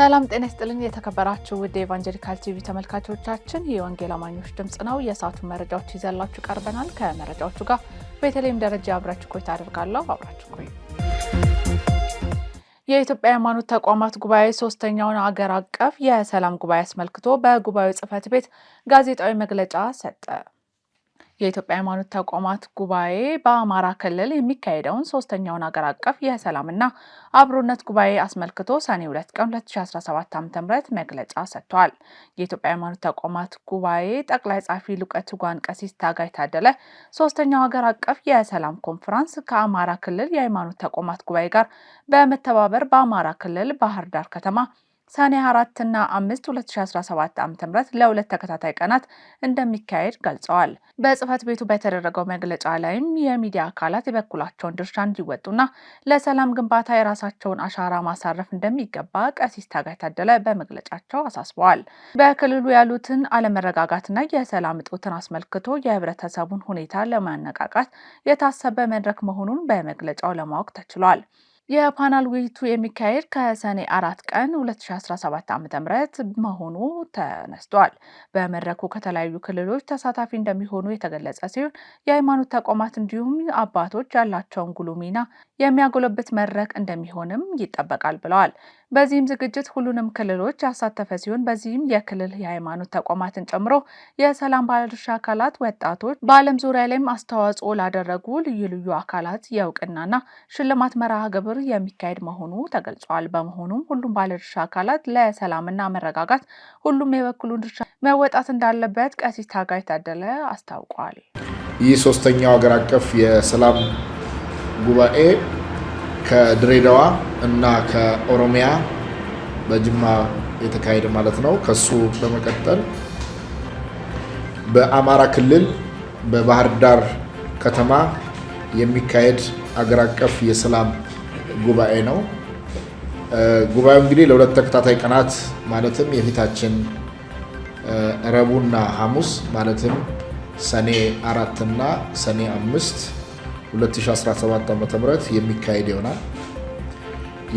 ሰላም ጤና ይስጥልን። የተከበራችሁ ውድ ኤቫንጀሊካል ቲቪ ተመልካቾቻችን የወንጌል አማኞች ድምጽ ነው። የእሳቱ መረጃዎች ይዘላችሁ ቀርበናል። ከመረጃዎቹ ጋር በተለይም ደረጃ አብራችሁ ቆይታ አደርጋለሁ። አብራችሁ ቆዩ። የኢትዮጵያ ሃይማኖት ተቋማት ጉባኤ ሶስተኛውን አገር አቀፍ የሰላም ጉባኤ አስመልክቶ በጉባኤው ጽህፈት ቤት ጋዜጣዊ መግለጫ ሰጠ። የኢትዮጵያ ሃይማኖት ተቋማት ጉባኤ በአማራ ክልል የሚካሄደውን ሶስተኛውን ሀገር አቀፍ የሰላምና አብሮነት ጉባኤ አስመልክቶ ሰኔ ሁለት ቀን 2017 ዓ ም መግለጫ ሰጥቷል። የኢትዮጵያ ሃይማኖት ተቋማት ጉባኤ ጠቅላይ ጻፊ ልቀት ጓን ቀሲስ ታጋይ ታደለ ሶስተኛው ሀገር አቀፍ የሰላም ኮንፈረንስ ከአማራ ክልል የሃይማኖት ተቋማት ጉባኤ ጋር በመተባበር በአማራ ክልል ባህር ዳር ከተማ ሰኔ 4 እና 5 2017 ዓ ም ለሁለት ተከታታይ ቀናት እንደሚካሄድ ገልጸዋል። በጽህፈት ቤቱ በተደረገው መግለጫ ላይም የሚዲያ አካላት የበኩላቸውን ድርሻ እንዲወጡና ለሰላም ግንባታ የራሳቸውን አሻራ ማሳረፍ እንደሚገባ ቀሲስ ታጋይ ታደለ በመግለጫቸው አሳስበዋል። በክልሉ ያሉትን አለመረጋጋትና የሰላም እጦትን አስመልክቶ የህብረተሰቡን ሁኔታ ለማነቃቃት የታሰበ መድረክ መሆኑን በመግለጫው ለማወቅ ተችሏል። የፓናል ውይይቱ የሚካሄድ ከሰኔ አራት ቀን 2017 ዓ ም መሆኑ ተነስቷል። በመድረኩ ከተለያዩ ክልሎች ተሳታፊ እንደሚሆኑ የተገለጸ ሲሆን የሃይማኖት ተቋማት እንዲሁም አባቶች ያላቸውን ጉሉ ሚና የሚያጎለብት መድረክ እንደሚሆንም ይጠበቃል ብለዋል። በዚህም ዝግጅት ሁሉንም ክልሎች ያሳተፈ ሲሆን በዚህም የክልል የሃይማኖት ተቋማትን ጨምሮ የሰላም ባለድርሻ አካላት፣ ወጣቶች፣ በዓለም ዙሪያ ላይም አስተዋጽኦ ላደረጉ ልዩ ልዩ አካላት የእውቅናና ሽልማት መርሃ ግብር የሚካሄድ መሆኑ ተገልጿል። በመሆኑም ሁሉም ባለድርሻ አካላት ለሰላምና መረጋጋት ሁሉም የበኩሉን ድርሻ መወጣት እንዳለበት ቀሲስ ታጋይ ታደለ አስታውቋል። ይህ ሶስተኛው ሀገር አቀፍ የሰላም ጉባኤ ከድሬዳዋ እና ከኦሮሚያ በጅማ የተካሄደ ማለት ነው። ከሱ በመቀጠል በአማራ ክልል በባህር ዳር ከተማ የሚካሄድ አገር አቀፍ የሰላም ጉባኤ ነው። ጉባኤው እንግዲህ ለሁለት ተከታታይ ቀናት ማለትም የፊታችን ረቡና ሐሙስ ማለትም ሰኔ አራት እና ሰኔ አምስት 2017 ዓ.ም የሚካሄድ ይሆናል።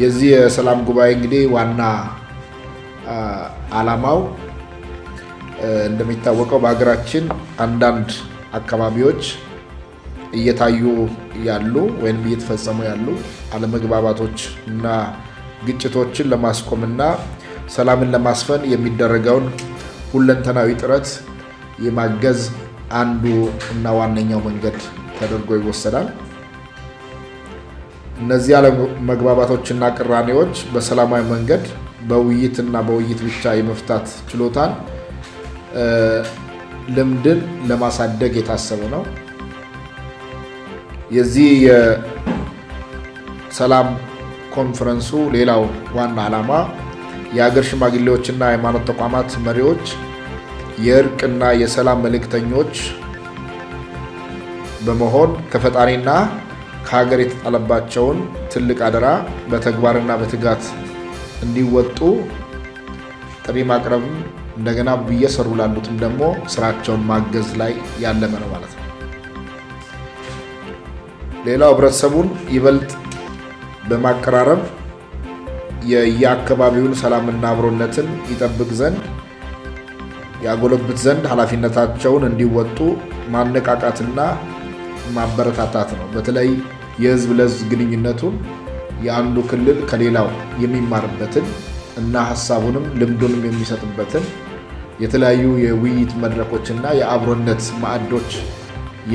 የዚህ የሰላም ጉባኤ እንግዲህ ዋና ዓላማው እንደሚታወቀው በሀገራችን አንዳንድ አካባቢዎች እየታዩ ያሉ ወይም እየተፈጸሙ ያሉ አለመግባባቶች እና ግጭቶችን ለማስቆምና ሰላምን ለማስፈን የሚደረገውን ሁለንተናዊ ጥረት የማገዝ አንዱ እና ዋነኛው መንገድ ተደርጎ ይወሰዳል። እነዚህ አለመግባባቶችና ቅራኔዎች በሰላማዊ መንገድ በውይይትና በውይይት ብቻ የመፍታት ችሎታን ልምድን ለማሳደግ የታሰበ ነው። የዚህ ሰላም ኮንፈረንሱ ሌላው ዋና ዓላማ የአገር ሽማግሌዎችና የሃይማኖት ተቋማት መሪዎች የእርቅና የሰላም መልእክተኞች በመሆን ከፈጣሪና ከሀገር የተጣለባቸውን ትልቅ አደራ በተግባርና በትጋት እንዲወጡ ጥሪ ማቅረብ እንደገና እየሰሩ ላሉትም ደግሞ ስራቸውን ማገዝ ላይ ያለመ ነው ማለት ነው። ሌላው ህብረተሰቡን ይበልጥ በማቀራረብ የየአካባቢውን ሰላምና አብሮነትን ይጠብቅ ዘንድ ያጎለብት ዘንድ ኃላፊነታቸውን እንዲወጡ ማነቃቃትና ማበረታታት ነው። በተለይ የህዝብ ለህዝብ ግንኙነቱን የአንዱ ክልል ከሌላው የሚማርበትን እና ሀሳቡንም ልምዱንም የሚሰጥበትን የተለያዩ የውይይት መድረኮችና የአብሮነት ማዕዶች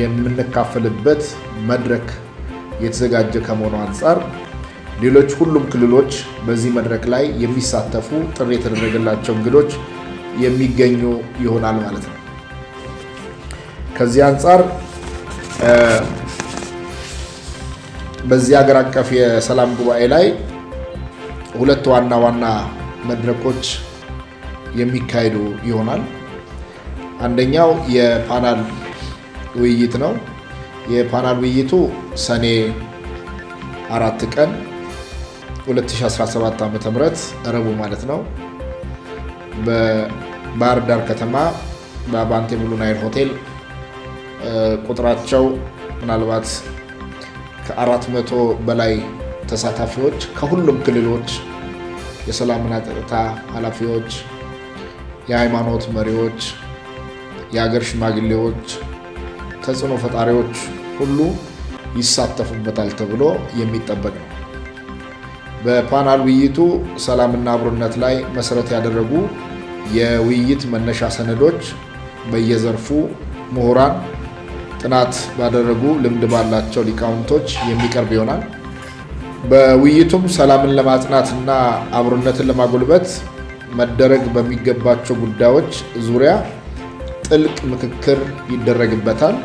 የምንካፈልበት መድረክ የተዘጋጀ ከመሆኑ አንጻር ሌሎች ሁሉም ክልሎች በዚህ መድረክ ላይ የሚሳተፉ ጥሪ የተደረገላቸው እንግዶች የሚገኙ ይሆናል ማለት ነው። ከዚህ አንጻር በዚህ ሀገር አቀፍ የሰላም ጉባኤ ላይ ሁለት ዋና ዋና መድረኮች የሚካሄዱ ይሆናል። አንደኛው የፓናል ውይይት ነው። የፓናል ውይይቱ ሰኔ አራት ቀን 2017 ዓ ም ረቡ ማለት ነው በባህር ዳር ከተማ በአባንቴ ሙሉ ናይል ሆቴል ቁጥራቸው ምናልባት ከ400 በላይ ተሳታፊዎች ከሁሉም ክልሎች የሰላምና ጸጥታ ኃላፊዎች፣ የሃይማኖት መሪዎች፣ የሀገር ሽማግሌዎች፣ ተጽዕኖ ፈጣሪዎች ሁሉ ይሳተፉበታል ተብሎ የሚጠበቅ ነው። በፓናል ውይይቱ ሰላምና አብሮነት ላይ መሰረት ያደረጉ የውይይት መነሻ ሰነዶች በየዘርፉ ምሁራን ጥናት ባደረጉ ልምድ ባላቸው ሊቃውንቶች የሚቀርብ ይሆናል። በውይይቱም ሰላምን ለማጽናት እና አብሮነትን ለማጎልበት መደረግ በሚገባቸው ጉዳዮች ዙሪያ ጥልቅ ምክክር ይደረግበታል።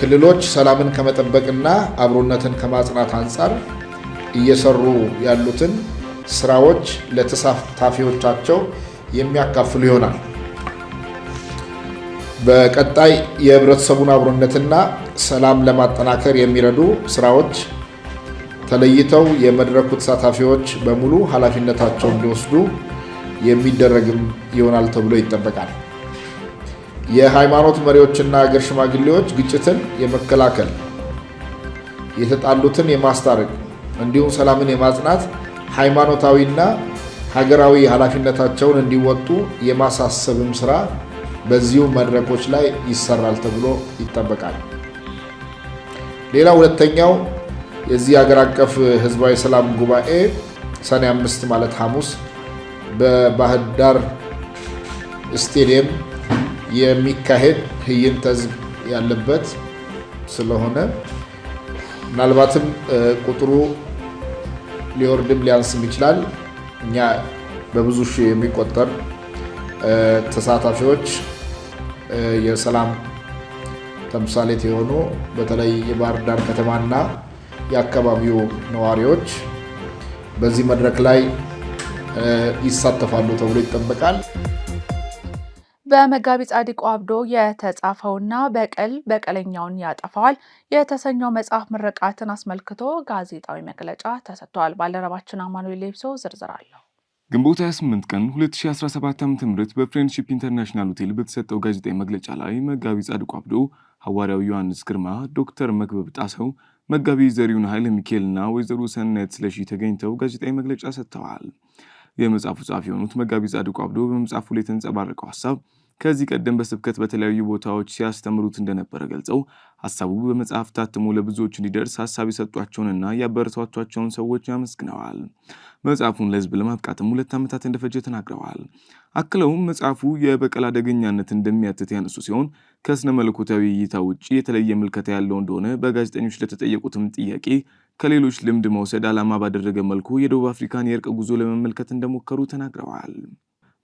ክልሎች ሰላምን ከመጠበቅና አብሮነትን ከማጽናት አንጻር እየሰሩ ያሉትን ስራዎች ለተሳታፊዎቻቸው የሚያካፍሉ ይሆናል። በቀጣይ የህብረተሰቡን አብሮነትና ሰላም ለማጠናከር የሚረዱ ስራዎች ተለይተው የመድረኩ ተሳታፊዎች በሙሉ ኃላፊነታቸው እንዲወስዱ የሚደረግም ይሆናል ተብሎ ይጠበቃል። የሃይማኖት መሪዎችና ሀገር ሽማግሌዎች ግጭትን የመከላከል የተጣሉትን የማስታረቅ እንዲሁም ሰላምን የማጽናት ሃይማኖታዊና ሀገራዊ ኃላፊነታቸውን እንዲወጡ የማሳሰብም ስራ በዚሁ መድረኮች ላይ ይሰራል ተብሎ ይጠበቃል። ሌላ ሁለተኛው የዚህ ሀገር አቀፍ ህዝባዊ ሰላም ጉባኤ ሰኔ አምስት ማለት ሐሙስ በባህር ዳር ስቴዲየም የሚካሄድ ትዕይንተ ህዝብ ያለበት ስለሆነ ምናልባትም ቁጥሩ ሊወርድም ሊያንስም ይችላል። እኛ በብዙ ሺህ የሚቆጠር ተሳታፊዎች የሰላም ተምሳሌት የሆኑ በተለይ የባህር ዳር ከተማና የአካባቢው ነዋሪዎች በዚህ መድረክ ላይ ይሳተፋሉ ተብሎ ይጠበቃል። በመጋቢ ጻድቁ አብዶ የተጻፈውና በቀል በቀለኛውን ያጠፋዋል የተሰኘው መጽሐፍ ምረቃትን አስመልክቶ ጋዜጣዊ መግለጫ ተሰጥቷል። ባልደረባችን አማኑኤል ሌብሶ ዝርዝር አለው። ግንቦት 28 ቀን 2017 ዓ ም በፍሬንድሺፕ ኢንተርናሽናል ሆቴል በተሰጠው ጋዜጣዊ መግለጫ ላይ መጋቢ ጻድቁ አብዶ፣ ሐዋርያው ዮሐንስ ግርማ፣ ዶክተር መክበብ ጣሰው፣ መጋቢ ዘሪሁን ኃይለ ሚካኤልና ወይዘሮ ሰነት ስለሺ ተገኝተው ጋዜጣዊ መግለጫ ሰጥተዋል። የመጽሐፉ ጸሐፊ የሆኑት መጋቢ ጻድቁ አብዶ በመጽሐፉ ላይ የተንጸባረቀው ሀሳብ ከዚህ ቀደም በስብከት በተለያዩ ቦታዎች ሲያስተምሩት እንደነበረ ገልጸው ሀሳቡ በመጽሐፍ ታትሞ ለብዙዎች እንዲደርስ ሀሳብ የሰጧቸውንና ያበረቷቸውን ሰዎች ያመስግነዋል። መጽሐፉን ለሕዝብ ለማብቃትም ሁለት ዓመታት እንደፈጀ ተናግረዋል። አክለውም መጽሐፉ የበቀል አደገኛነት እንደሚያትት ያነሱ ሲሆን ከስነ መለኮታዊ እይታ ውጭ የተለየ ምልከታ ያለው እንደሆነ በጋዜጠኞች ለተጠየቁትም ጥያቄ ከሌሎች ልምድ መውሰድ ዓላማ ባደረገ መልኩ የደቡብ አፍሪካን የእርቅ ጉዞ ለመመልከት እንደሞከሩ ተናግረዋል።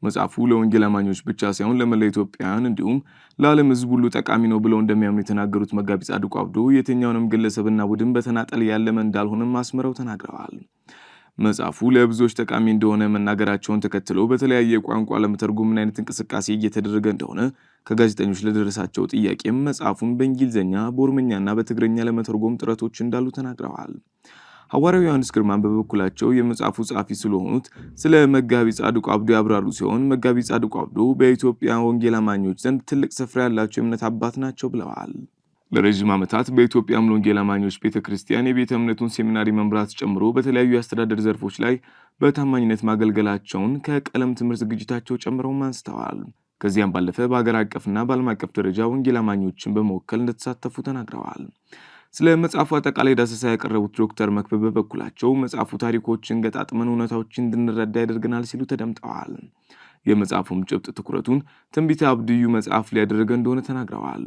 መጽሐፉ ለወንጌል አማኞች ብቻ ሳይሆን ለመላ ኢትዮጵያውያን እንዲሁም ለዓለም ሕዝብ ሁሉ ጠቃሚ ነው ብለው እንደሚያምኑ የተናገሩት መጋቢ ጻድቁ አብዶ የትኛውንም ግለሰብና ቡድን በተናጠል ያለመ እንዳልሆነም አስምረው ተናግረዋል። መጽሐፉ ለብዙዎች ጠቃሚ እንደሆነ መናገራቸውን ተከትለው በተለያየ ቋንቋ ለመተርጎም ምን አይነት እንቅስቃሴ እየተደረገ እንደሆነ ከጋዜጠኞች ለደረሳቸው ጥያቄም መጽሐፉን በእንግሊዝኛ፣ በኦሮምኛና በትግረኛ ለመተርጎም ጥረቶች እንዳሉ ተናግረዋል። ሐዋርያው ዮሐንስ ግርማን በበኩላቸው የመጽሐፉ ጸሐፊ ስለሆኑት ስለ መጋቢ ጻድቁ አብዶ ያብራሩ ሲሆን መጋቢ ጻድቁ አብዶ በኢትዮጵያ ወንጌል አማኞች ዘንድ ትልቅ ስፍራ ያላቸው የእምነት አባት ናቸው ብለዋል። ለረዥም ዓመታት በኢትዮጵያ ሙሉ ወንጌል አማኞች ቤተ ክርስቲያን የቤተ እምነቱን ሴሚናሪ መምራት ጨምሮ በተለያዩ የአስተዳደር ዘርፎች ላይ በታማኝነት ማገልገላቸውን ከቀለም ትምህርት ዝግጅታቸው ጨምረውም አንስተዋል። ከዚያም ባለፈ በሀገር አቀፍና በዓለም አቀፍ ደረጃ ወንጌል አማኞችን በመወከል እንደተሳተፉ ተናግረዋል። ስለ መጽሐፉ አጠቃላይ ዳሰሳ ያቀረቡት ዶክተር መክብብ በበኩላቸው መጽሐፉ ታሪኮችን ገጣጥመን እውነታዎችን እንድንረዳ ያደርገናል ሲሉ ተደምጠዋል። የመጽሐፉም ጭብጥ ትኩረቱን ትንቢተ አብድዩ መጽሐፍ ሊያደረገ እንደሆነ ተናግረዋል።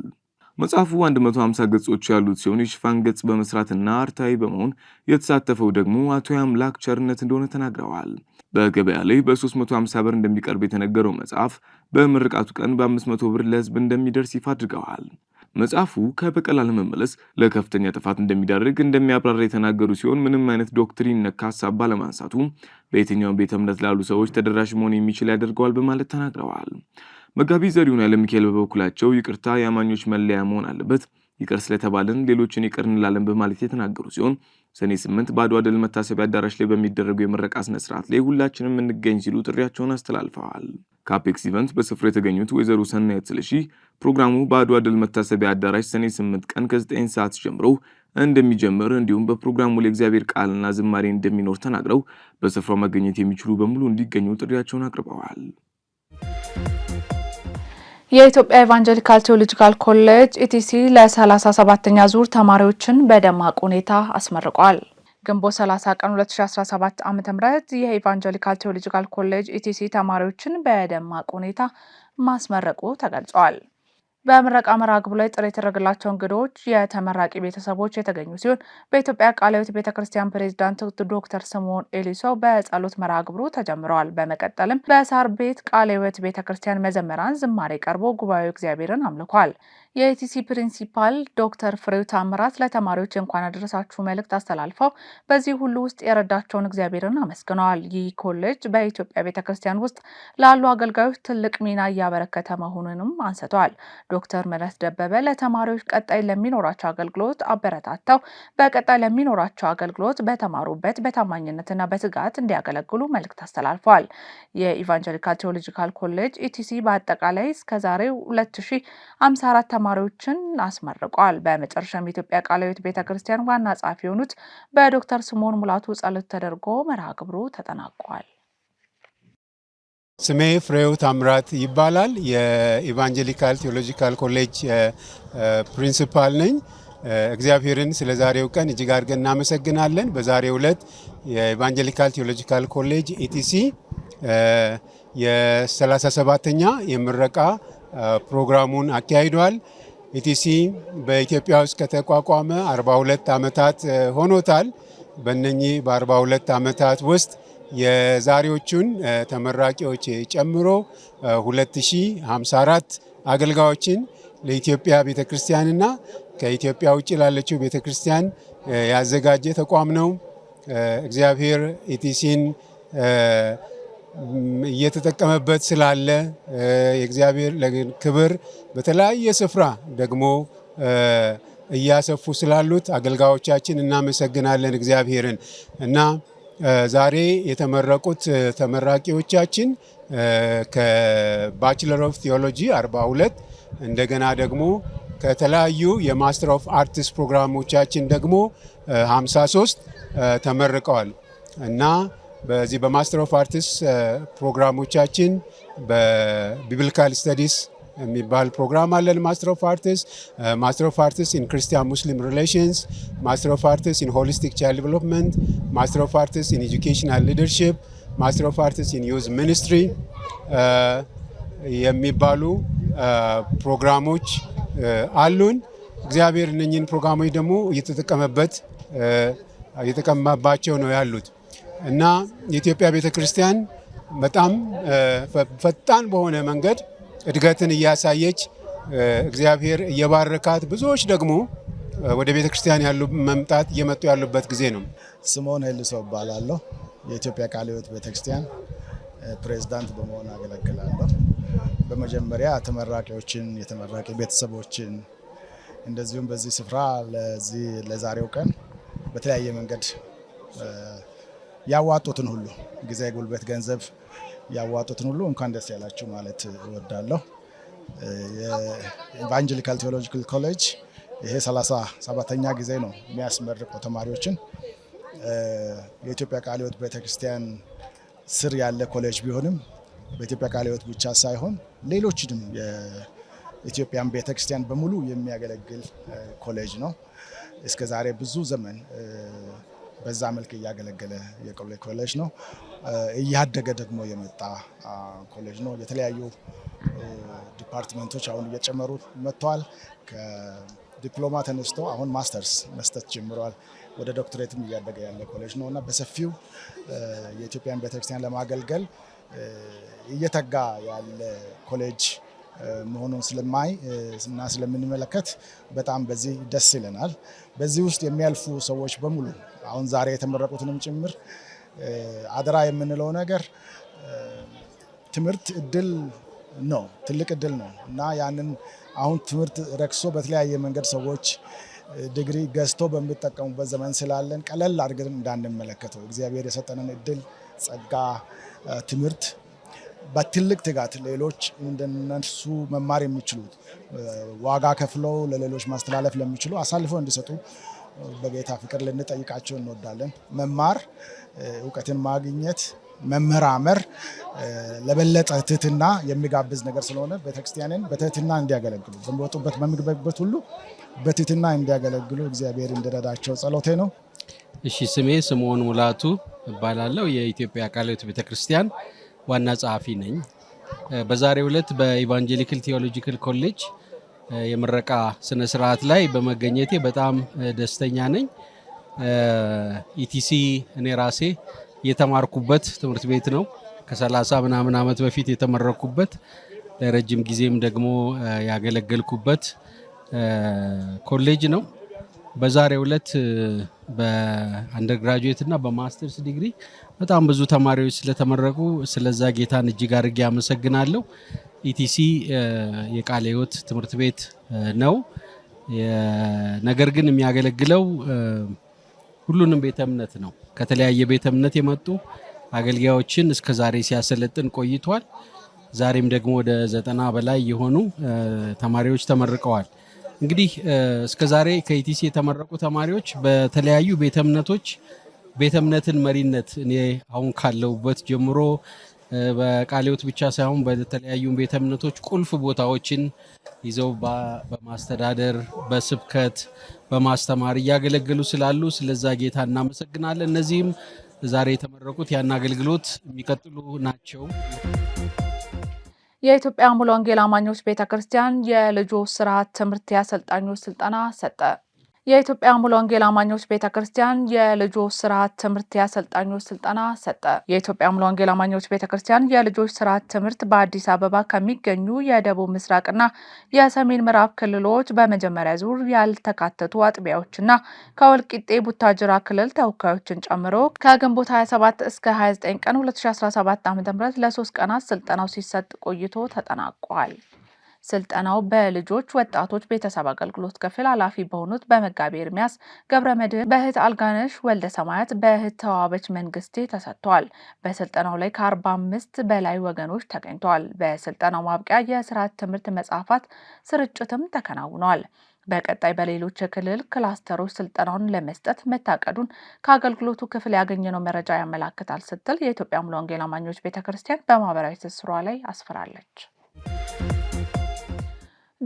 መጽሐፉ 150 ገጾች ያሉት ሲሆን የሽፋን ገጽ በመስራትና አርታዊ በመሆን የተሳተፈው ደግሞ አቶ የአምላክ ቸርነት እንደሆነ ተናግረዋል። በገበያ ላይ በ350 ብር እንደሚቀርብ የተነገረው መጽሐፍ በምርቃቱ ቀን በ500 ብር ለህዝብ እንደሚደርስ ይፋ አድርገዋል። መጽሐፉ ከበቀል አለመመለስ ለከፍተኛ ጥፋት እንደሚዳርግ እንደሚያብራራ የተናገሩ ሲሆን ምንም አይነት ዶክትሪን ነካ ሀሳብ ባለማንሳቱ በየትኛውም ቤተ እምነት ላሉ ሰዎች ተደራሽ መሆን የሚችል ያደርገዋል በማለት ተናግረዋል። መጋቢ ዘሪሁን ኃይለሚካኤል በበኩላቸው ይቅርታ የአማኞች መለያ መሆን አለበት፣ ይቅር ስለተባልን ሌሎችን ይቅር እንላለን በማለት የተናገሩ ሲሆን ሰኔ ስምንት በአድዋ ድል መታሰቢያ አዳራሽ ላይ በሚደረገው የምረቃ ስነስርዓት ላይ ሁላችንም እንገኝ ሲሉ ጥሪያቸውን አስተላልፈዋል። ከአፔክስ ኢቨንት በስፍራ የተገኙት ወይዘሮ ሰናየት ስለሺ ፕሮግራሙ በአድዋ ድል መታሰቢያ አዳራሽ ሰኔ 8 ቀን ከ9 ሰዓት ጀምሮ እንደሚጀምር እንዲሁም በፕሮግራሙ ለእግዚአብሔር ቃልና ዝማሬ እንደሚኖር ተናግረው በስፍራው መገኘት የሚችሉ በሙሉ እንዲገኙ ጥሪያቸውን አቅርበዋል። የኢትዮጵያ ኢቫንጀሊካል ቴዎሎጂካል ኮሌጅ ኢቲሲ ለ37ኛ ዙር ተማሪዎችን በደማቅ ሁኔታ አስመርቋል። ግንቦት 30 ቀን 2017 ዓ ም የኤቫንጀሊካል ቴዎሎጂካል ኮሌጅ ኢቲሲ ተማሪዎችን በደማቅ ሁኔታ ማስመረቁ ተገልጿል። በምረቃ መርሃ ግብሩ ላይ ጥሪ የተደረገላቸው እንግዶች የተመራቂ ቤተሰቦች የተገኙ ሲሆን በኢትዮጵያ ቃለ ሕይወት ቤተ ክርስቲያን ፕሬዚዳንት ዶክተር ስምዖን ኤሊሶ በጸሎት መርሃ ግብሩ ተጀምረዋል። በመቀጠልም በሳር ቤት ቃለ ሕይወት ቤተ ክርስቲያን መዘመራን ዝማሬ ቀርቦ ጉባኤው እግዚአብሔርን አምልኳል። የኢቲሲ ፕሪንሲፓል ዶክተር ፍሬው ታምራት ለተማሪዎች የእንኳን አደረሳችሁ መልእክት አስተላልፈው በዚህ ሁሉ ውስጥ የረዳቸውን እግዚአብሔርን አመስግነዋል። ይህ ኮሌጅ በኢትዮጵያ ቤተ ክርስቲያን ውስጥ ላሉ አገልጋዮች ትልቅ ሚና እያበረከተ መሆኑንም አንስተዋል። ዶክተር ምረት ደበበ ለተማሪዎች ቀጣይ ለሚኖራቸው አገልግሎት አበረታተው በቀጣይ ለሚኖራቸው አገልግሎት በተማሩበት በታማኝነትና በትጋት እንዲያገለግሉ መልእክት አስተላልፈዋል። የኢቫንጀሊካል ቴዎሎጂካል ኮሌጅ ኢቲሲ በአጠቃላይ እስከዛሬ 2054 ተማሪዎችን አስመርቋል። በመጨረሻም የኢትዮጵያ ቃለ ሕይወት ቤተ ክርስቲያን ዋና ጸሐፊ የሆኑት በዶክተር ስምዖን ሙላቱ ጸሎት ተደርጎ መርሃ ግብሩ ተጠናቋል። ስሜ ፍሬው ታምራት ይባላል። የኢቫንጀሊካል ቴዎሎጂካል ኮሌጅ ፕሪንሲፓል ነኝ። እግዚአብሔርን ስለ ዛሬው ቀን እጅግ አድርገን እናመሰግናለን። በዛሬው ዕለት የኢቫንጀሊካል ቴዎሎጂካል ኮሌጅ ኢቲሲ የ 37 ተኛ የምረቃ ፕሮግራሙን አካሂዷል። ኢቲሲ በኢትዮጵያ ውስጥ ከተቋቋመ 42 ዓመታት ሆኖታል። በነኚህ በ42 ዓመታት ውስጥ የዛሬዎቹን ተመራቂዎች ጨምሮ 2054 አገልጋዮችን ለኢትዮጵያ ቤተ ክርስቲያንና ከኢትዮጵያ ውጭ ላለችው ቤተ ክርስቲያን ያዘጋጀ ተቋም ነው። እግዚአብሔር ኢቲሲን እየተጠቀመበት ስላለ የእግዚአብሔር ክብር በተለያየ ስፍራ ደግሞ እያሰፉ ስላሉት አገልጋዮቻችን እናመሰግናለን እግዚአብሔርን እና ዛሬ የተመረቁት ተመራቂዎቻችን ከባችለር ኦፍ ቴዎሎጂ 42 እንደገና ደግሞ ከተለያዩ የማስተር ኦፍ አርትስ ፕሮግራሞቻችን ደግሞ 53 ተመርቀዋል እና በዚህ በማስተር ኦፍ አርትስ ፕሮግራሞቻችን በቢብሊካል ስተዲስ የሚባል ፕሮግራም አለን። ማስተር ኦፍ አርትስ ማስተር ኦፍ አርትስ ኢን ክርስቲያን ሙስሊም ሪሌሽንስ፣ ማስተር ኦፍ አርትስ ኢን ሆሊስቲክ ቻይልድ ዲቨሎፕመንት፣ ማስተር ኦፍ አርትስ ኢን ኤጁኬሽናል ሊደርሺፕ፣ ማስተር ኦፍ አርትስ ኢን ዩዝ ሚኒስትሪ የሚባሉ ፕሮግራሞች አሉን። እግዚአብሔር እነኝን ፕሮግራሞች ደግሞ እየተጠቀመበት እየተጠቀመባቸው ነው ያሉት። እና የኢትዮጵያ ቤተ ክርስቲያን በጣም ፈጣን በሆነ መንገድ እድገትን እያሳየች እግዚአብሔር እየባረካት ብዙዎች ደግሞ ወደ ቤተ ክርስቲያን ያሉ መምጣት እየመጡ ያሉበት ጊዜ ነው። ስምዖን ሄልሶ እባላለሁ። የኢትዮጵያ ቃለ ሕይወት ቤተ ክርስቲያን ፕሬዝዳንት በመሆን አገለግላለሁ። በመጀመሪያ ተመራቂዎችን፣ የተመራቂ ቤተሰቦችን እንደዚሁም በዚህ ስፍራ ለዚህ ለዛሬው ቀን በተለያየ መንገድ ያዋጡትን ሁሉ ጊዜ፣ ጉልበት፣ ገንዘብ ያዋጡትን ሁሉ እንኳን ደስ ያላችሁ ማለት እወዳለሁ። የኢቫንጀሊካል ቴዎሎጂካል ኮሌጅ ይሄ 37ኛ ጊዜ ነው የሚያስመርቀው ተማሪዎችን። የኢትዮጵያ ቃለ ሕይወት ቤተክርስቲያን ስር ያለ ኮሌጅ ቢሆንም በኢትዮጵያ ቃለ ሕይወት ብቻ ሳይሆን ሌሎችንም የኢትዮጵያን ቤተክርስቲያን በሙሉ የሚያገለግል ኮሌጅ ነው። እስከ ዛሬ ብዙ ዘመን በዛ መልክ እያገለገለ የቆየ ኮሌጅ ነው። እያደገ ደግሞ የመጣ ኮሌጅ ነው። የተለያዩ ዲፓርትመንቶች አሁን እየጨመሩ መጥተዋል። ከዲፕሎማ ተነስቶ አሁን ማስተርስ መስጠት ጀምረዋል። ወደ ዶክትሬትም እያደገ ያለ ኮሌጅ ነው እና በሰፊው የኢትዮጵያን ቤተክርስቲያን ለማገልገል እየተጋ ያለ ኮሌጅ መሆኑን ስለማይ እና ስለምንመለከት በጣም በዚህ ደስ ይለናል። በዚህ ውስጥ የሚያልፉ ሰዎች በሙሉ አሁን ዛሬ የተመረቁትንም ጭምር አደራ የምንለው ነገር ትምህርት እድል ነው፣ ትልቅ እድል ነው እና ያንን አሁን ትምህርት ረክሶ በተለያየ መንገድ ሰዎች ዲግሪ ገዝቶ በሚጠቀሙበት ዘመን ስላለን ቀለል አድርገን እንዳንመለከተው እግዚአብሔር የሰጠንን እድል፣ ጸጋ፣ ትምህርት በትልቅ ትጋት ሌሎች እንደነሱ መማር የሚችሉት ዋጋ ከፍለው ለሌሎች ማስተላለፍ ለሚችሉ አሳልፈው እንዲሰጡ በጌታ ፍቅር ልንጠይቃቸው እንወዳለን። መማር፣ እውቀትን ማግኘት፣ መመራመር ለበለጠ ትህትና የሚጋብዝ ነገር ስለሆነ ቤተክርስቲያንን በትህትና እንዲያገለግሉ በሚወጡበት በሚገቡበት ሁሉ በትህትና እንዲያገለግሉ እግዚአብሔር እንዲረዳቸው ጸሎቴ ነው። እሺ፣ ስሜ ስምዖን ሙላቱ እባላለሁ። የኢትዮጵያ ቃለ ሕይወት ቤተክርስቲያን ዋና ጸሐፊ ነኝ። በዛሬው ዕለት በኢቫንጀሊካል ቴዎሎጂካል ኮሌጅ የምረቃ ስነ ስርዓት ላይ በመገኘቴ በጣም ደስተኛ ነኝ። ኢቲሲ እኔ ራሴ የተማርኩበት ትምህርት ቤት ነው። ከሰላሳ ምናምን ዓመት በፊት የተመረኩበት ለረጅም ጊዜም ደግሞ ያገለገልኩበት ኮሌጅ ነው። በዛሬው ዕለት በአንደርግራጁዌት እና በማስተርስ ዲግሪ በጣም ብዙ ተማሪዎች ስለተመረቁ ስለዛ ጌታን እጅግ አድርጌ አመሰግናለሁ። ኢቲሲ የቃለ ሕይወት ትምህርት ቤት ነው። ነገር ግን የሚያገለግለው ሁሉንም ቤተ እምነት ነው። ከተለያየ ቤተ እምነት የመጡ አገልጋዮችን እስከ ዛሬ ሲያሰለጥን ቆይቷል። ዛሬም ደግሞ ወደ ዘጠና በላይ የሆኑ ተማሪዎች ተመርቀዋል። እንግዲህ እስከ ዛሬ ከኢቲሲ የተመረቁ ተማሪዎች በተለያዩ ቤተ እምነቶች ቤተ እምነትን መሪነት እኔ አሁን ካለሁበት ጀምሮ በቃሊዮት ብቻ ሳይሆን በተለያዩ ቤተ እምነቶች ቁልፍ ቦታዎችን ይዘው በማስተዳደር በስብከት በማስተማር እያገለገሉ ስላሉ ስለዛ ጌታ እናመሰግናለን። እነዚህም ዛሬ የተመረቁት ያን አገልግሎት የሚቀጥሉ ናቸው። የኢትዮጵያ ሙሉ ወንጌል አማኞች ቤተ ክርስቲያን የልጆች ስርዓት ትምህርት የአሰልጣኞች ስልጠና ሰጠ። የኢትዮጵያ ሙሉ ወንጌል አማኞች ቤተ ክርስቲያን የልጆች ስርዓት ትምህርት የአሰልጣኞች ስልጠና ሰጠ። የኢትዮጵያ ሙሉ ወንጌል አማኞች ቤተ ክርስቲያን የልጆች ስርዓት ትምህርት በአዲስ አበባ ከሚገኙ የደቡብ ምስራቅና የሰሜን ምዕራብ ክልሎች በመጀመሪያ ዙር ያልተካተቱ አጥቢያዎችና ከወልቂጤ ቡታጅራ ክልል ተወካዮችን ጨምሮ ከግንቦት 27 እስከ 29 ቀን 2017 ም ለሶስት ቀናት ስልጠናው ሲሰጥ ቆይቶ ተጠናቋል። ስልጠናው በልጆች ወጣቶች ቤተሰብ አገልግሎት ክፍል ኃላፊ በሆኑት በመጋቢ ኤርሚያስ ገብረ መድህን በእህት አልጋነሽ ወልደ ሰማያት በእህት ተዋበች መንግስቴ ተሰጥተዋል። በስልጠናው ላይ ከ45 በላይ ወገኖች ተገኝተዋል። በስልጠናው ማብቂያ የስርዓት ትምህርት መጽሐፋት ስርጭትም ተከናውኗል። በቀጣይ በሌሎች የክልል ክላስተሮች ስልጠናውን ለመስጠት መታቀዱን ከአገልግሎቱ ክፍል ያገኘነው መረጃ ያመላክታል ስትል የኢትዮጵያ ሙሉ ወንጌል አማኞች ቤተ ክርስቲያን በማህበራዊ ትስስሯ ላይ አስፍራለች።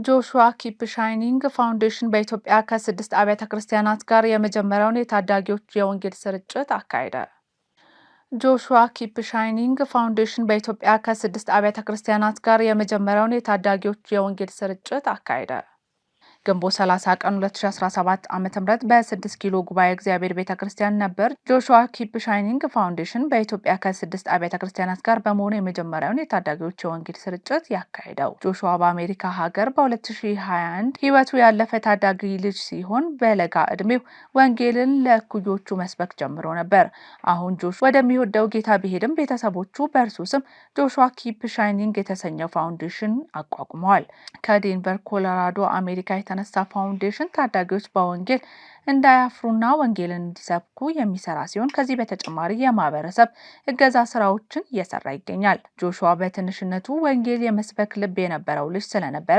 ጆሹዋ ኪፕ ሻይኒንግ ፋውንዴሽን በኢትዮጵያ ከስድስት አብያተ ክርስቲያናት ጋር የመጀመሪያውን የታዳጊዎች የወንጌል ስርጭት አካሄደ። ጆሹዋ ኪፕ ሻይኒንግ ፋውንዴሽን በኢትዮጵያ ከስድስት አብያተ ክርስቲያናት ጋር የመጀመሪያውን የታዳጊዎች የወንጌል ስርጭት አካሄደ። ግንቦት 30 ቀን 2017 ዓ ም በ6 ኪሎ ጉባኤ እግዚአብሔር ቤተ ክርስቲያን ነበር። ጆሹዋ ኪፕ ሻይኒንግ ፋውንዴሽን በኢትዮጵያ ከስድስት አብያተ ክርስቲያናት ጋር በመሆኑ የመጀመሪያውን የታዳጊዎች የወንጌል ስርጭት ያካሄደው። ጆሹዋ በአሜሪካ ሀገር በ2021 ህይወቱ ያለፈ ታዳጊ ልጅ ሲሆን በለጋ እድሜው ወንጌልን ለእኩዮቹ መስበክ ጀምሮ ነበር። አሁን ጆሹዋ ወደሚወደው ጌታ ቢሄድም ቤተሰቦቹ በእርሱ ስም ጆሹዋ ኪፕ ሻይኒንግ የተሰኘው ፋውንዴሽን አቋቁመዋል። ከዴንቨር ኮሎራዶ አሜሪካ የተነሳ ፋውንዴሽን ታዳጊዎች በወንጌል እንዳያፍሩና ወንጌልን እንዲሰብኩ የሚሰራ ሲሆን ከዚህ በተጨማሪ የማህበረሰብ እገዛ ስራዎችን እየሰራ ይገኛል። ጆሹዋ በትንሽነቱ ወንጌል የመስበክ ልብ የነበረው ልጅ ስለነበረ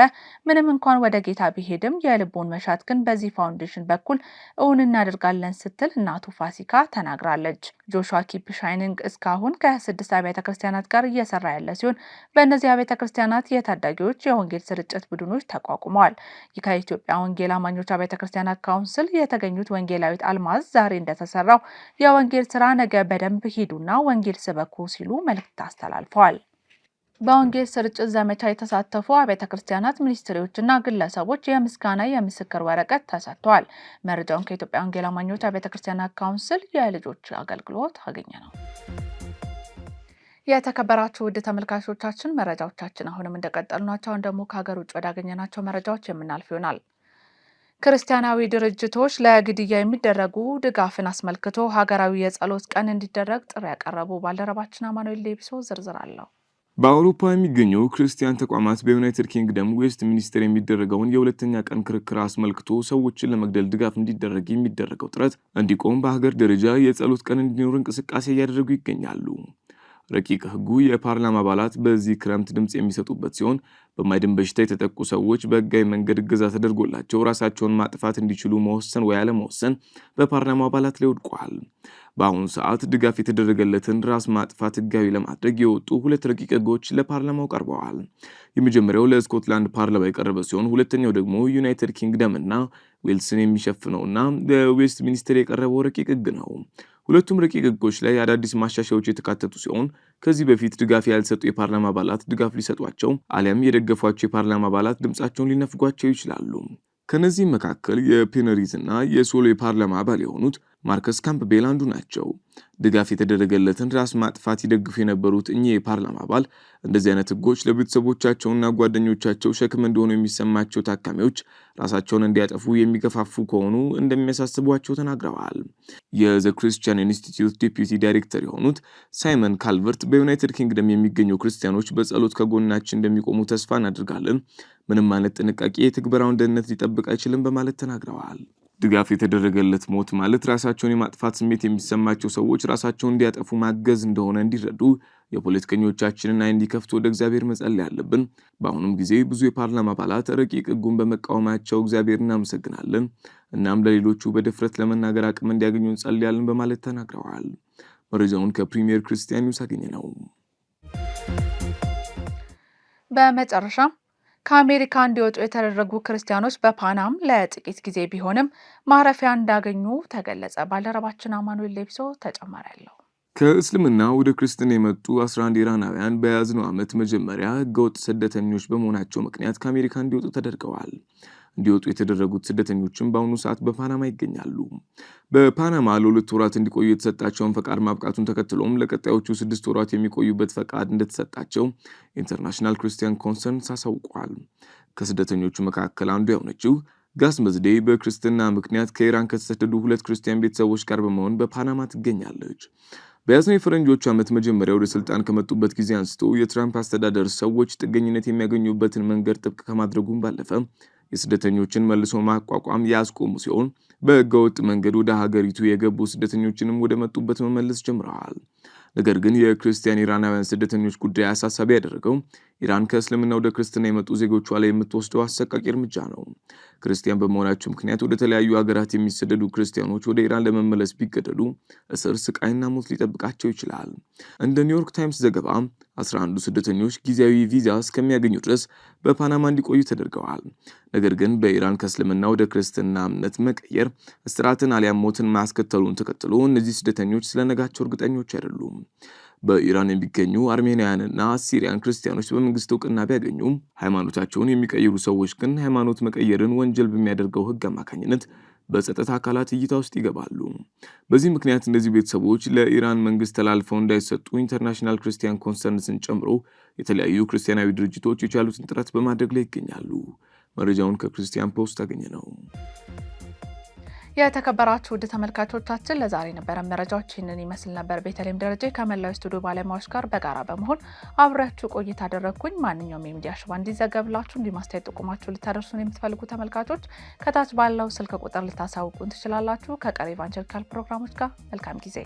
ምንም እንኳን ወደ ጌታ ቢሄድም የልቡን መሻት ግን በዚህ ፋውንዴሽን በኩል እውን እናደርጋለን ስትል እናቱ ፋሲካ ተናግራለች። ጆሹዋ ኪፕ ሻይኒንግ እስካሁን ከስድስት አብያተ ክርስቲያናት ጋር እየሰራ ያለ ሲሆን በእነዚህ አብያተ ክርስቲያናት የታዳጊዎች የወንጌል ስርጭት ቡድኖች ተቋቁመዋል። ከኢትዮጵያ ወንጌል አማኞች አብያተ ክርስቲያናት ካውንስል የተገኙት ወንጌላዊት አልማዝ ዛሬ እንደተሰራው የወንጌል ስራ ነገ በደንብ ሂዱና ወንጌል ስበኩ ሲሉ መልእክት አስተላልፈዋል። በወንጌል ስርጭት ዘመቻ የተሳተፉ አብያተ ክርስቲያናት፣ ሚኒስትሪዎችና ግለሰቦች የምስጋና የምስክር ወረቀት ተሰጥተዋል። መረጃውን ከኢትዮጵያ ወንጌል አማኞች አብያተ ክርስቲያናት ካውንስል የልጆች አገልግሎት አገኘ ነው። የተከበራችሁ ውድ ተመልካቾቻችን መረጃዎቻችን አሁንም እንደቀጠሉ ናቸው። አሁን ደግሞ ከሀገር ውጭ ወዳገኘናቸው መረጃዎች የምናልፍ ይሆናል። ክርስቲያናዊ ድርጅቶች ለግድያ የሚደረጉ ድጋፍን አስመልክቶ ሀገራዊ የጸሎት ቀን እንዲደረግ ጥሪ ያቀረቡ ባልደረባችን አማኑኤል ሌቢሶ ዝርዝር አለው። በአውሮፓ የሚገኙ ክርስቲያን ተቋማት በዩናይትድ ኪንግደም ዌስት ሚኒስትር የሚደረገውን የሁለተኛ ቀን ክርክር አስመልክቶ ሰዎችን ለመግደል ድጋፍ እንዲደረግ የሚደረገው ጥረት እንዲቆም በሀገር ደረጃ የጸሎት ቀን እንዲኖር እንቅስቃሴ እያደረጉ ይገኛሉ። ረቂቅ ሕጉ የፓርላማ አባላት በዚህ ክረምት ድምፅ የሚሰጡበት ሲሆን በማይድን በሽታ የተጠቁ ሰዎች በህጋዊ መንገድ እገዛ ተደርጎላቸው ራሳቸውን ማጥፋት እንዲችሉ መወሰን ወይ አለመወሰን በፓርላማ አባላት ላይ ወድቋል። በአሁኑ ሰዓት ድጋፍ የተደረገለትን ራስ ማጥፋት ህጋዊ ለማድረግ የወጡ ሁለት ረቂቅ ህጎች ለፓርላማው ቀርበዋል። የመጀመሪያው ለስኮትላንድ ፓርላማ የቀረበ ሲሆን ሁለተኛው ደግሞ ዩናይትድ ኪንግደም እና ዌልስን የሚሸፍነውና ለዌስት ሚኒስትር የቀረበው ረቂቅ ህግ ነው። ሁለቱም ረቂቅ ህጎች ላይ አዳዲስ ማሻሻያዎች የተካተቱ ሲሆን ከዚህ በፊት ድጋፍ ያልሰጡ የፓርላማ አባላት ድጋፍ ሊሰጧቸው አሊያም የደገፏቸው የፓርላማ አባላት ድምፃቸውን ሊነፍጓቸው ይችላሉ። ከነዚህም መካከል የፔነሪዝ እና የሶሎ የፓርላማ አባል የሆኑት ማርከስ ካምፕቤል አንዱ ናቸው። ድጋፍ የተደረገለትን ራስ ማጥፋት ይደግፉ የነበሩት እኚህ የፓርላማ አባል እንደዚህ አይነት ህጎች ለቤተሰቦቻቸውና ጓደኞቻቸው ሸክም እንደሆኑ የሚሰማቸው ታካሚዎች ራሳቸውን እንዲያጠፉ የሚገፋፉ ከሆኑ እንደሚያሳስቧቸው ተናግረዋል። የዘ ክርስቲያን ኢንስቲትዩት ዴፒቲ ዳይሬክተር የሆኑት ሳይመን ካልቨርት በዩናይትድ ኪንግደም የሚገኙ ክርስቲያኖች በጸሎት ከጎናችን እንደሚቆሙ ተስፋ እናደርጋለን፣ ምንም አይነት ጥንቃቄ የትግበራውን ደህንነት ሊጠብቅ አይችልም በማለት ተናግረዋል። ድጋፍ የተደረገለት ሞት ማለት ራሳቸውን የማጥፋት ስሜት የሚሰማቸው ሰዎች ራሳቸውን እንዲያጠፉ ማገዝ እንደሆነ እንዲረዱ የፖለቲከኞቻችንን ዓይን እንዲከፍቱ ወደ እግዚአብሔር መጸለይ ያለብን። በአሁኑም ጊዜ ብዙ የፓርላማ አባላት ረቂቅ ሕጉን በመቃወማቸው እግዚአብሔር እናመሰግናለን፣ እናም ለሌሎቹ በድፍረት ለመናገር አቅም እንዲያገኙ እንጸልያለን በማለት ተናግረዋል። መረጃውን ከፕሪምየር ክርስቲያን ኒውስ አገኘ ነው። በመጨረሻም ከአሜሪካ እንዲወጡ የተደረጉ ክርስቲያኖች በፓናም ለጥቂት ጊዜ ቢሆንም ማረፊያ እንዳገኙ ተገለጸ። ባልደረባችን አማኑኤል ሌብሶ ተጨማሪ ያለው ከእስልምና ወደ ክርስትና የመጡ 11 ኢራናውያን በያዝነው ዓመት መጀመሪያ ህገወጥ ስደተኞች በመሆናቸው ምክንያት ከአሜሪካ እንዲወጡ ተደርገዋል። እንዲወጡ የተደረጉት ስደተኞችም በአሁኑ ሰዓት በፓናማ ይገኛሉ። በፓናማ ለሁለት ወራት እንዲቆዩ የተሰጣቸውን ፈቃድ ማብቃቱን ተከትሎም ለቀጣዮቹ ስድስት ወራት የሚቆዩበት ፈቃድ እንደተሰጣቸው ኢንተርናሽናል ክርስቲያን ኮንሰርንስ አሳውቋል። ከስደተኞቹ መካከል አንዱ የሆነችው ጋስ መዝዴ በክርስትና ምክንያት ከኢራን ከተሰደዱ ሁለት ክርስቲያን ቤተሰቦች ጋር በመሆን በፓናማ ትገኛለች። በያዝነው የፈረንጆቹ ዓመት መጀመሪያ ወደ ስልጣን ከመጡበት ጊዜ አንስቶ የትራምፕ አስተዳደር ሰዎች ጥገኝነት የሚያገኙበትን መንገድ ጥብቅ ከማድረጉም ባለፈ የስደተኞችን መልሶ ማቋቋም ያስቆሙ ሲሆን በህገወጥ መንገድ ወደ ሀገሪቱ የገቡ ስደተኞችንም ወደ መጡበት መመለስ ጀምረዋል። ነገር ግን የክርስቲያን ኢራናውያን ስደተኞች ጉዳይ አሳሳቢ ያደረገው ኢራን ከእስልምና ወደ ክርስትና የመጡ ዜጎቿ ላይ የምትወስደው አሰቃቂ እርምጃ ነው። ክርስቲያን በመሆናቸው ምክንያት ወደ ተለያዩ ሀገራት የሚሰደዱ ክርስቲያኖች ወደ ኢራን ለመመለስ ቢገደዱ እስር፣ ስቃይና ሞት ሊጠብቃቸው ይችላል። እንደ ኒውዮርክ ታይምስ ዘገባ 11ዱ ስደተኞች ጊዜያዊ ቪዛ እስከሚያገኙ ድረስ በፓናማ እንዲቆዩ ተደርገዋል። ነገር ግን በኢራን ከእስልምና ወደ ክርስትና እምነት መቀየር እስራትን አሊያም ሞትን ማስከተሉን ተከትሎ እነዚህ ስደተኞች ስለነጋቸው እርግጠኞች አይደሉም። በኢራን የሚገኙ አርሜንያንና ሲሪያን ክርስቲያኖች በመንግስት እውቅና ቢያገኙም ሃይማኖታቸውን የሚቀይሩ ሰዎች ግን ሃይማኖት መቀየርን ወንጀል በሚያደርገው ህግ አማካኝነት በጸጥታ አካላት እይታ ውስጥ ይገባሉ። በዚህ ምክንያት እነዚህ ቤተሰቦች ለኢራን መንግስት ተላልፈው እንዳይሰጡ ኢንተርናሽናል ክርስቲያን ኮንሰርንስን ጨምሮ የተለያዩ ክርስቲያናዊ ድርጅቶች የቻሉትን ጥረት በማድረግ ላይ ይገኛሉ። መረጃውን ከክርስቲያን ፖስት አገኘ ነው። የተከበራችሁ ውድ ተመልካቾቻችን ለዛሬ የነበረ መረጃዎች ይህንን ይመስል ነበር። በተለይም ደረጀ ከመላው ስቱዲዮ ባለሙያዎች ጋር በጋራ በመሆን አብሬያችሁ ቆይታ አደረግኩኝ። ማንኛውም የሚዲያ ሽባ እንዲዘገብላችሁ እንዲሁም አስተያየት ጥቁማችሁ ልታደርሱን የምትፈልጉ ተመልካቾች ከታች ባለው ስልክ ቁጥር ልታሳውቁን ትችላላችሁ። ከቀሪ ኢቫንጀሊካል ፕሮግራሞች ጋር መልካም ጊዜ